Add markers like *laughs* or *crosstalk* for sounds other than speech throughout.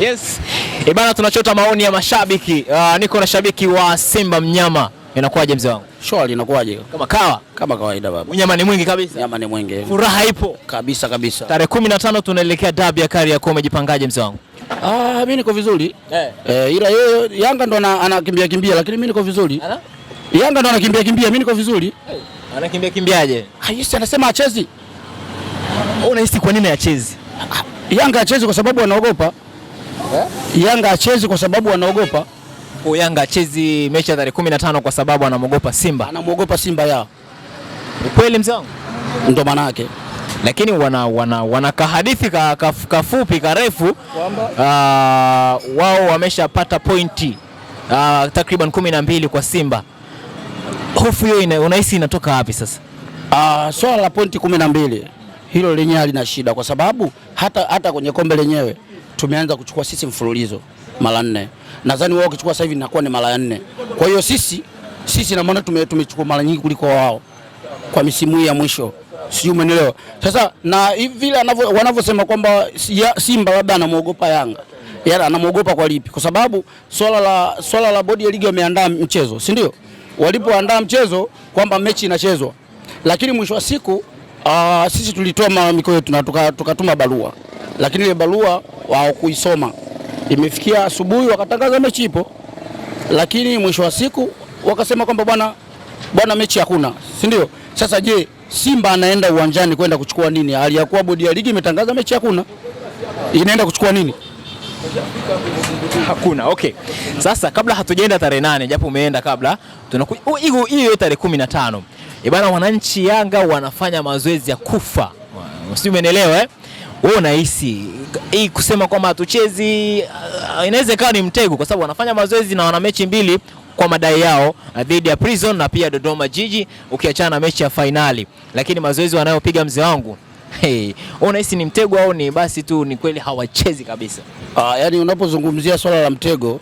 Yes. Ibana eh, tunachota maoni ya mashabiki. Uh, niko na shabiki wa Simba mnyama. Inakuwaje mzee wangu? Shwari inakuwaje? Kama kawa? Kama kawaida baba. Mnyama ni mwingi kabisa. Mnyama ni mwingi. Furaha ipo. Kabisa kabisa. Tarehe 15 tunaelekea dabi ya Kariakoo, umejipangaje mzee wangu? Ah, mimi niko vizuri. Eh. Eh, ila yeye Yanga ndo anakimbia kimbia lakini mimi niko vizuri. Ana? Yanga ndo anakimbia kimbia, mimi niko vizuri. Hey. Anakimbia kimbiaje? Ah, yes, anasema achezi. Wewe Unahisi kwa nini achezi? Ah, Yanga achezi kwa sababu anaogopa eh? Yanga hachezi kwa sababu anaogopa. Kwa Yanga hachezi mechi ya tarehe 15 kwa sababu anamogopa Simba. Anamogopa Simba ya. Ukweli mzee wangu? Ndio maana yake. Lakini wana wana, wana kahadithi ka, ka, kafupi karefu ah, wao wameshapata pointi uh, takriban kumi na mbili kwa Simba. Hofu hiyo ina, unahisi inatoka wapi sasa? Uh, swala la pointi kumi na mbili hilo lenyewe halina shida kwa sababu hata, hata kwenye kombe lenyewe tumeanza kuchukua sisi mfululizo mara nne, nadhani wao wakichukua sasa hivi inakuwa ni mara nne. Kwa hiyo sisi sisi na maana tumechukua mara nyingi kuliko wao kwa misimu hii ya mwisho, sijui umeelewa. Sasa na vile wanavyosema kwamba Simba labda anamwogopa Yanga, yala anamwogopa kwa lipi? Kwa sababu swala la, swala la bodi ya ligi wameandaa mchezo, si ndio? Walipoandaa mchezo kwamba mechi inachezwa, lakini mwisho wa siku uh, sisi tulitoa malalamiko yetu na tukatuma tuka barua lakini ile barua kuisoma Imefikia asubuhi wakatangaza mechi ipo, lakini mwisho wa siku wakasema kwamba bwana bwana, mechi hakuna, si ndio? Sasa je, Simba anaenda uwanjani kwenda kuchukua nini, hali ya kuwa bodi ya ligi imetangaza mechi hakuna? Inaenda kuchukua nini? Hakuna. Okay, sasa kabla hatujaenda tarehe nane, japo umeenda kabla, tunakuja hiyo hiyo tarehe kumi na tano ibana, eh, wananchi Yanga wanafanya mazoezi ya kufa, sio? Umeelewa eh? wewe unahisi hii kusema kwamba hatuchezi uh, inaweza ikawa ni mtego, kwa sababu wanafanya mazoezi na wana mechi mbili kwa madai yao uh, dhidi ya Prison na pia Dodoma Jiji, ukiachana na mechi ya fainali, lakini mazoezi wanayopiga mzee wangu *laughs* Hey, unahisi ni mtego au ni basi tu ni kweli hawachezi kabisa? Ah, yani unapozungumzia swala la mtego,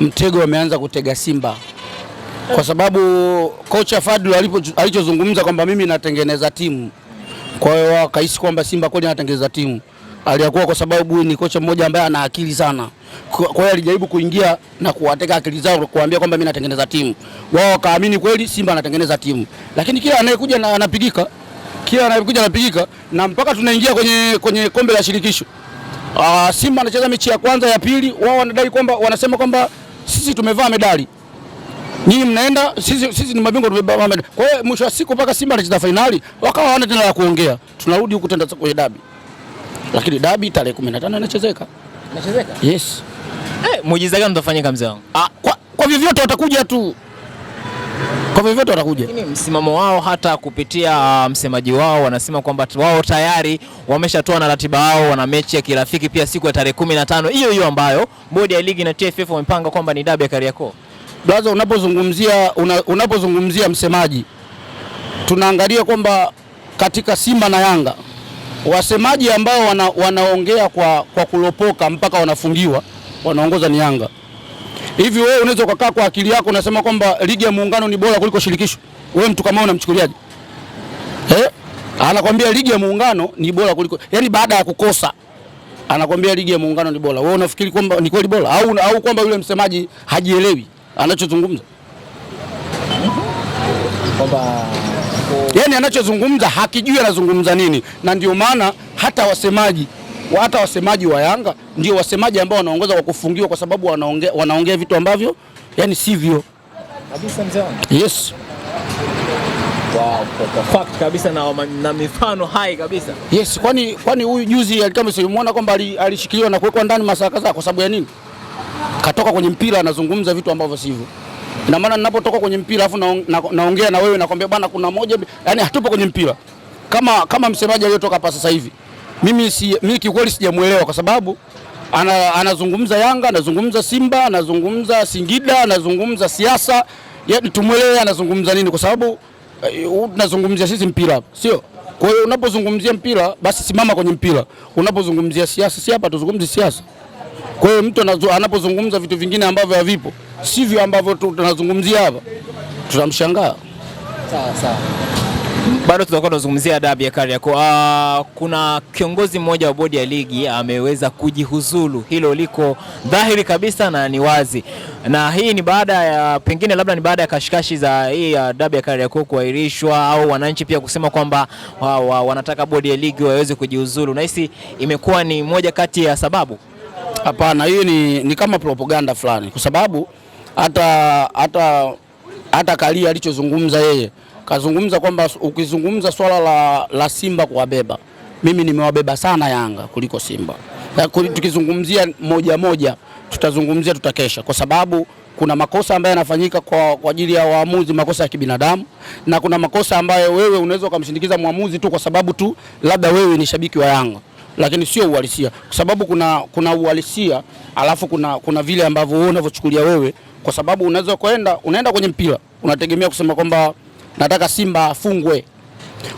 mtego wameanza kutega Simba kwa sababu kocha Fadlu alichozungumza kwamba mimi natengeneza timu kwa hiyo wao wakahisi kwamba Simba kweli anatengeneza timu aliyakuwa kwa sababu ni kocha mmoja ambaye ana akili sana. Kwa hiyo alijaribu kuingia na kuwateka akili zao, kuambia kwamba mimi natengeneza timu. Wao wakaamini kweli Simba anatengeneza timu, lakini kila anayekuja anapigika, kila anayekuja anapigika, na mpaka tunaingia kwenye, kwenye kombe la shirikisho. Aa, ah, Simba anacheza mechi ya kwanza ya pili, wao wanadai kwamba wanasema kwamba sisi tumevaa medali Nyinyi mnaenda sisi, sisi ni mabingwa tumebeba. Kwa hiyo mwisho wa siku mpaka Simba anacheza fainali, wakawa hawana tena la kuongea. Tunarudi huku tena kwenye dabi. Lakini dabi tarehe 15 inachezeka. Inachezeka? Yes. Eh, muujiza gani utafanyika mzee wangu? Ah, kwa, kwa vyovyote watakuja tu. Kwa vyovyote watakuja. Lakini msimamo wao hata kupitia ah, msemaji wao wanasema kwamba wao tayari wameshatoa na ratiba wao, wana mechi ya kirafiki pia siku ya tarehe 15 hiyo hiyo ambayo bodi ya ligi na TFF wamepanga kwamba ni dabi ya Kariakoo. Blaza, unapozungumzia una, unapozungumzia msemaji, tunaangalia kwamba katika Simba na Yanga wasemaji ambao wana, wanaongea kwa, kwa kulopoka mpaka wanafungiwa wanaongoza ni Yanga. Hivi wewe unaweza ukakaa kwa akili yako unasema kwamba ligi ya muungano ni bora kuliko shirikisho? Wewe mtu kama unamchukuliaje eh? Anakwambia ligi ya muungano ni bora kuliko, yani baada ya kukosa anakwambia ligi ya muungano ni bora. Wewe unafikiri kwamba ni kweli bora au, au kwamba yule msemaji hajielewi? anachozungumza yani anachozungumza hakijui anazungumza nini, na ndio maana hata wasemaji hata wasemaji wa Yanga ndio wasemaji ambao wanaongoza kwa kufungiwa, kwa sababu wanaongea wanaongea vitu ambavyo yani sivyo kabisa. Yes. Wow, fact kabisa na, na mifano hai kabisa. Yes, kwani kwani huyu juzi alikama simuona kwamba alishikiliwa na kuwekwa ndani masaa kadhaa kwa sababu ya nini? katoka kwenye mpira anazungumza vitu ambavyo sivyo. Ina maana ninapotoka kwenye mpira afu naongea na, na, na, na wewe nakwambia bwana, kuna moja, yani hatupo kwenye mpira kama, kama msemaji aliyotoka hapa sasa hivi mimi si, mimi kiukweli sijamuelewa kwa sababu ana, anazungumza Yanga, anazungumza Simba, anazungumza Singida, anazungumza siasa, yaani tumuelewe anazungumza nini, kwa sababu eh, tunazungumzia uh, sisi mpira hapa, sio? Kwa hiyo unapozungumzia mpira basi simama kwenye mpira. Unapozungumzia siasa, si hapa tuzungumzi siasa. Kwa hiyo mtu anapozungumza vitu vingine ambavyo havipo, sivyo ambavyo tunazungumzia hapa, tutamshangaa. Sawa sawa, bado tutakuwa tunazungumzia dabi ya Kariakoo. Uh, kuna kiongozi mmoja wa bodi ya ligi ameweza kujihuzulu, hilo liko dhahiri kabisa na ni wazi, na hii ni baada ya pengine, labda ni baada ya kashikashi za hii ya dabi ya Kariakoo kuahirishwa au wananchi pia kusema kwamba wa, wa, wanataka bodi ya ligi waweze kujihuzulu. Nahisi imekuwa ni moja kati ya sababu Hapana, hii ni, ni kama propaganda fulani, kwa sababu hata hata hata Kalia alichozungumza yeye kazungumza kwamba ukizungumza swala la, la Simba kuwabeba, mimi nimewabeba sana Yanga kuliko Simba. Tukizungumzia moja moja, tutazungumzia tutakesha, kwa sababu kuna makosa ambayo yanafanyika kwa, kwa ajili ya waamuzi, makosa ya kibinadamu, na kuna makosa ambayo wewe unaweza ukamshindikiza mwamuzi tu kwa sababu tu labda wewe ni shabiki wa Yanga lakini sio uhalisia, kwa sababu kuna kuna uhalisia alafu kuna kuna vile ambavyo wewe unavyochukulia wewe, kwa sababu unaweza kwenda unaenda kwenye mpira unategemea kusema kwamba nataka Simba afungwe.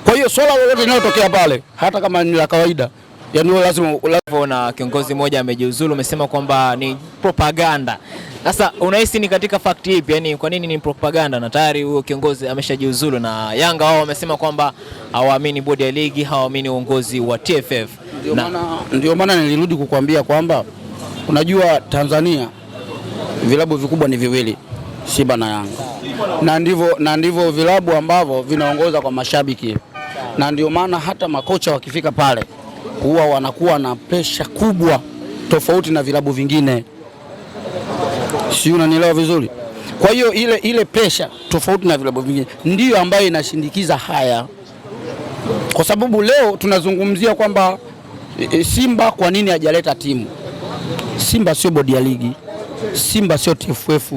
Kwa hiyo swala lolote linalotokea pale, hata kama ni la kawaida, yani wewe lazima Na kiongozi mmoja amejiuzulu, umesema kwamba ni propaganda. Sasa unahisi ni katika fact ipi? Yani kwa nini ni propaganda na tayari huyo kiongozi ameshajiuzulu, na Yanga wao wamesema kwamba hawaamini bodi ya ligi, hawaamini uongozi wa TFF. Ndio maana nilirudi kukuambia kwamba unajua Tanzania vilabu vikubwa ni viwili, Simba na Yanga, na ndivyo na ndivyo vilabu ambavyo vinaongoza kwa mashabiki, na ndio maana hata makocha wakifika pale huwa wanakuwa na presha kubwa, tofauti na vilabu vingine, si unanielewa vizuri? Kwa hiyo ile, ile presha tofauti na vilabu vingine ndiyo ambayo inashindikiza haya, kwa sababu leo tunazungumzia kwamba E, Simba kwa nini hajaleta timu? Simba sio bodi ya ligi, Simba sio TFF.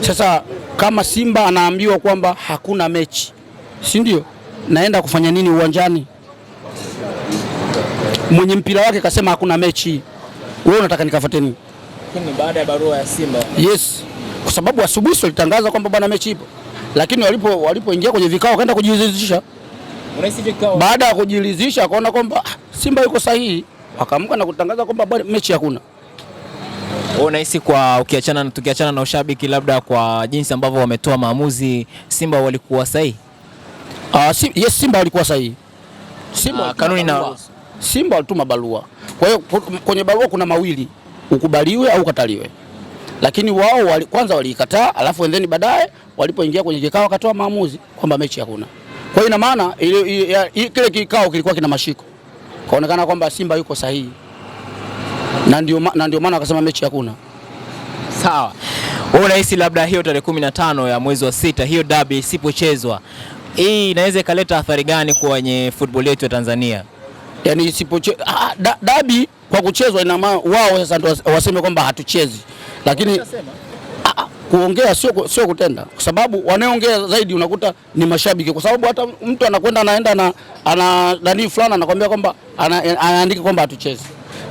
Sasa kama Simba anaambiwa kwamba hakuna mechi, si ndio? Naenda kufanya nini uwanjani? Mwenye mpira wake kasema hakuna mechi, wewe unataka nikafuate nini? Baada ya barua ya Simba, yes, kwa sababu asubuhi litangaza kwamba bwana mechi ipo, lakini walipoingia kwenye vikao wakaenda kujiridhisha. Baada ya kujiridhisha akaona kwamba ah, Simba yuko sahihi, wakaamka na kutangaza kwamba bwana, mechi hakuna. Wewe Unahisi kwa ukiachana, na tukiachana na ushabiki, labda kwa jinsi ambavyo wametoa maamuzi, Simba walikuwa sahihi? Uh, ah, sim, yes, Simba walikuwa sahihi. Simba uh, kanuni na Simba walituma barua. Kwa hiyo kwenye barua kuna mawili, ukubaliwe au ukataliwe, lakini wao wali, kwanza waliikataa, alafu endeni baadaye walipoingia kwenye kikao wakatoa maamuzi kwamba mechi hakuna. Kwa hiyo ina maana kile kikao kilikuwa kina mashiko kaonekana kwamba Simba yuko sahihi, na ndio na ndio maana wakasema mechi hakuna. Sawa, wewe unahisi labda hiyo tarehe 15 ya mwezi wa sita hiyo dabi isipochezwa hii inaweza ikaleta athari gani kwenye football yetu ya Tanzania? Yaani isipoche ah, ah da, dabi kwa kuchezwa ina maana wao sasa ndio waseme kwamba hatuchezi, lakini kuongea sio sio kutenda, kwa sababu wanaoongea zaidi unakuta ni mashabiki, kwa sababu hata mtu anakwenda anaenda na ana dani fulani anakuambia kwamba anaandika kwamba hatuchezi.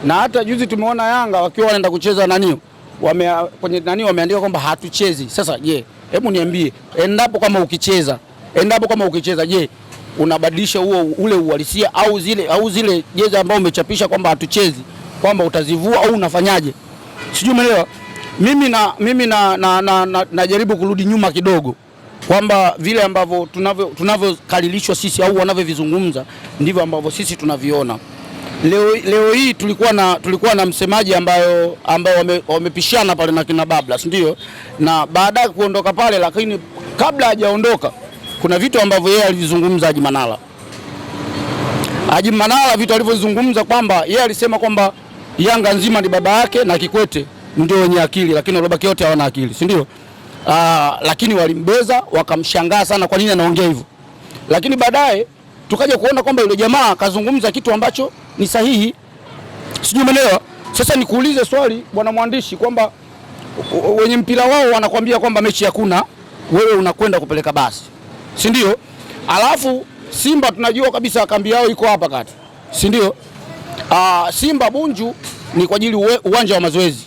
Na hata juzi tumeona Yanga wakiwa wanaenda kucheza nani wame kwenye nani wameandika kwamba hatuchezi. Sasa je, hebu niambie, endapo kama ukicheza endapo kama ukicheza, je, unabadilisha huo ule uhalisia au zile au zile jezi ambao umechapisha kwamba hatuchezi kwamba utazivua au unafanyaje? Sijui umeelewa. Mimi na mimi na najaribu na, na kurudi nyuma kidogo kwamba vile ambavyo tunavyokalilishwa sisi au wanavyovizungumza ndivyo ambavyo sisi tunaviona. Leo, leo hii tulikuwa na, tulikuwa na msemaji ambayo ambao wamepishana wame pale na kina Babla ndio? Na baadaye kuondoka pale, lakini kabla hajaondoka kuna vitu ambavyo yeye alivizungumza Haji Manara. Haji Manara vitu alivyozungumza kwamba yeye alisema kwamba Yanga nzima ni baba yake na Kikwete ndio wenye akili, lakini waliobaki wote hawana akili, si ndio? Ah, lakini walimbeza wakamshangaa sana, kwa nini anaongea hivyo. Lakini baadaye tukaja kuona kwamba yule jamaa kazungumza kitu ambacho ni sahihi, sijui umeelewa. Sasa nikuulize swali bwana mwandishi, kwamba wenye mpira wao wanakwambia kwamba mechi hakuna, wewe unakwenda kupeleka basi, si ndio? Alafu Simba tunajua kabisa kambi yao iko hapa kati, si ndio? Ah, Simba Bunju ni kwa ajili uwanja wa mazoezi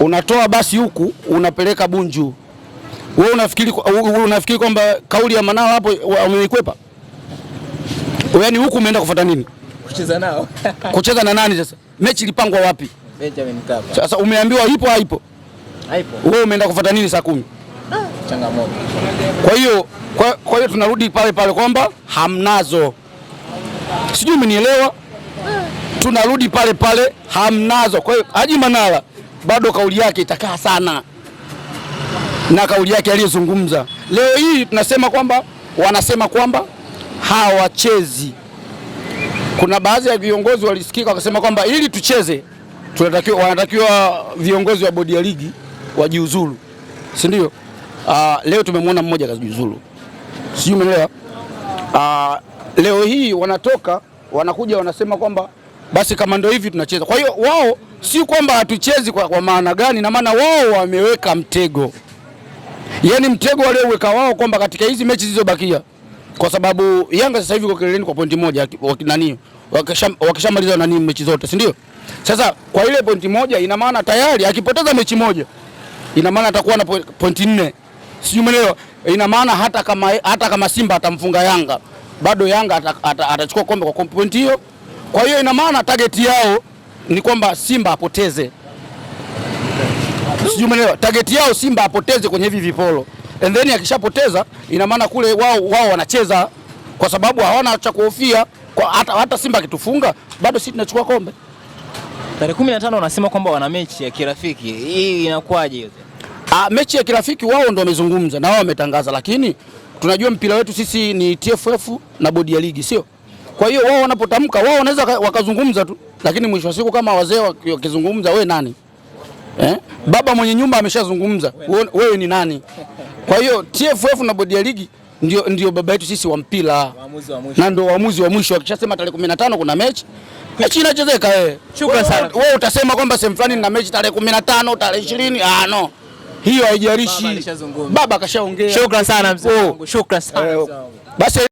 unatoa basi huku unapeleka Bunju. Wewe unafikiri unafikiri kwamba kauli ya Manara hapo wameikwepa? Yaani huku umeenda kufuata nini? Kucheza nao. *laughs* Kucheza na nani sasa? Mechi ilipangwa wapi? Benjamin Mkapa. Sasa umeambiwa ipo haipo? Haipo. Wewe umeenda kufuata nini saa kumi? Changamoto. Kwa hiyo kwa, kwa hiyo tunarudi pale pale kwamba hamnazo. Sijui umenielewa? Eh. Tunarudi pale pale hamnazo. Kwa hiyo Haji Manara bado kauli yake itakaa sana na kauli yake aliyozungumza leo hii. Tunasema kwamba wanasema kwamba hawachezi. Kuna baadhi ya viongozi walisikika wakasema kwamba ili tucheze tunatakiwa, wanatakiwa viongozi wa bodi ya ligi wajiuzulu, si ndio? Ah, leo tumemwona mmoja kajiuzulu, sijui umeelewa. Ah, leo hii wanatoka wanakuja wanasema kwamba basi kama ndio hivi tunacheza. Kwa hiyo wao si kwamba hatuchezi kwa, kwa maana gani? Na maana wao wameweka mtego, yaani mtego walioweka wao kwamba katika hizi mechi zilizobakia, kwa sababu Yanga sasa hivi kwa kileleni kwa pointi moja nani, wakishamaliza nani mechi zote, si ndio? Sasa kwa ile pointi moja, ina maana tayari akipoteza mechi moja, ina maana atakuwa na pointi nne, si umeelewa? Ina maana hata kama, hata kama Simba atamfunga Yanga bado Yanga atachukua kombe kwa pointi hiyo. Kwa hiyo ina maana target yao ni kwamba Simba apoteze, sijui umeelewa? Target yao Simba apoteze kwenye hivi vipolo and then akishapoteza ina maana kule wao wao wanacheza kwa sababu hawana cha kuhofia. Hata, hata Simba akitufunga bado sisi tunachukua kombe. Tarehe 15 wanasema kwamba wana mechi ya kirafiki, hii inakuwaje? Ah, mechi ya kirafiki wao ndo wamezungumza na wao wametangaza, lakini tunajua mpira wetu sisi ni TFF na bodi ya ligi, sio? Kwa hiyo wao wanapotamka wao wanaweza wakazungumza tu lakini mwisho wa siku kama wazee wakizungumza, we nani eh? Baba mwenye nyumba ameshazungumza, wewe ni nani? Kwa hiyo TFF na bodi ya ligi ndio, ndio baba yetu sisi wa mpira na ndio waamuzi wa mwisho. Wakishasema tarehe 15 kuna mechi, mechi inachezeka. Eh. Wewe wewe utasema kwamba sehemu fulani na mechi tarehe 15 tarehe 20, ah no, hiyo haijalishi. Baba kashaongea. Shukrani sana mzee oh. wangu, shukrani sana. Eh, basi